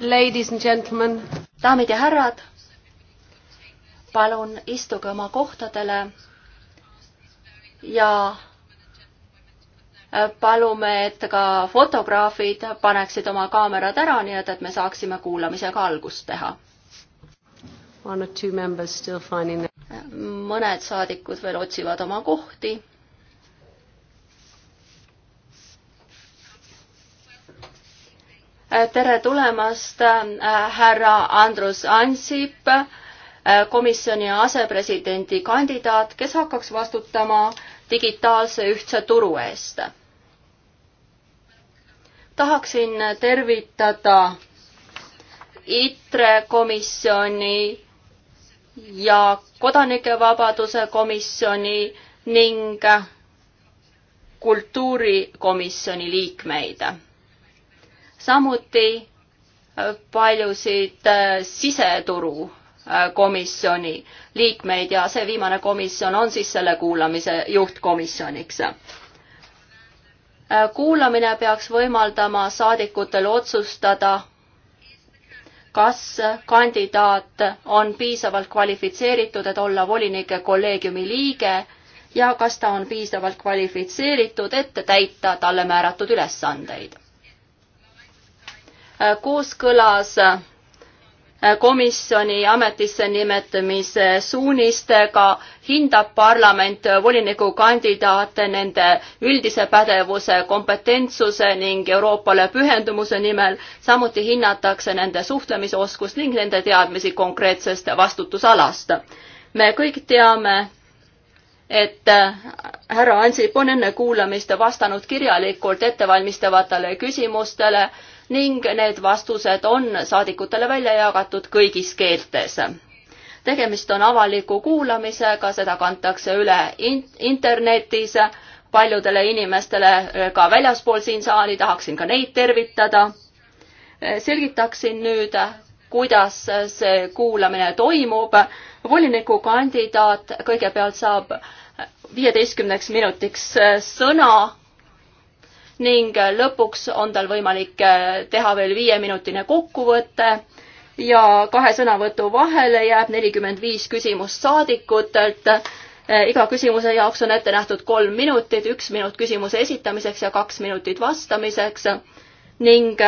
Ladies and gentlemen. daamid ja härrad, palun istuge oma kohtadele ja äh, palume, et ka fotograafid paneksid oma kaamerad ära, nii et, et me saaksime kuulamisega algust teha. Äh, mõned saadikud veel otsivad oma kohti tere tulemast, äh, härra Andrus Ansip, äh, komisjoni asepresidendi kandidaat, kes hakkaks vastutama digitaalse ühtse turu eest. tahaksin tervitada ITRE komisjoni ja kodanikevabaduse komisjoni ning kultuurikomisjoni liikmeid samuti äh, paljusid äh, siseturu äh, komisjoni liikmeid ja see viimane komisjon on siis selle kuulamise juhtkomisjoniks. kuulamine peaks võimaldama saadikutel otsustada, kas kandidaat on piisavalt kvalifitseeritud, et olla volinike kolleegiumi liige ja kas ta on piisavalt kvalifitseeritud, et täita talle määratud ülesandeid kooskõlas äh, komisjoni ametisse nimetamise suunistega hindab parlament volinikukandidaate nende üldise pädevuse, kompetentsuse ning Euroopale pühendumuse nimel, samuti hinnatakse nende suhtlemisoskust ning nende teadmisi konkreetsest vastutusalast. me kõik teame, et äh, härra Ansip on enne kuulamist vastanud kirjalikult ettevalmistavatele küsimustele ning need vastused on saadikutele välja jagatud kõigis keeltes tegemist on avaliku kuulamisega, seda kantakse üle in internetis paljudele inimestele ka väljaspool siin saali, tahaksin ka neid tervitada. selgitaksin nüüd, kuidas see kuulamine toimub. volinikukandidaat kõigepealt saab viieteistkümneks minutiks sõna ning äh, lõpuks on tal võimalik äh, teha veel viieminutine kokkuvõte ja kahe sõnavõtu vahele jääb nelikümmend viis küsimust saadikutelt. Äh, iga küsimuse jaoks on ette nähtud kolm minutit, üks minut küsimuse esitamiseks ja kaks minutit vastamiseks ning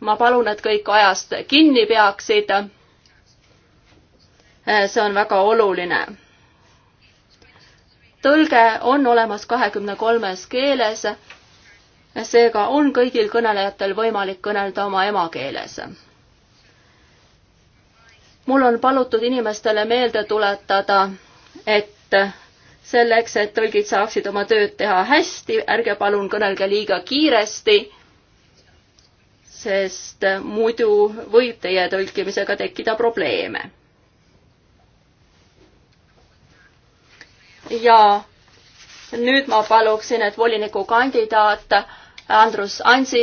ma palun, et kõik ajast kinni peaksid. see on väga oluline. tõlge on olemas kahekümne kolmes keeles seega on kõigil kõnelejatel võimalik kõnelda oma emakeeles. mul on palutud inimestele meelde tuletada, et selleks, et tõlgid saaksid oma tööd teha hästi, ärge palun kõnelge liiga kiiresti, sest muidu võib teie tõlkimisega tekkida probleeme. ja nüüd ma paluksin, et volinikukandidaat Andrus Ansip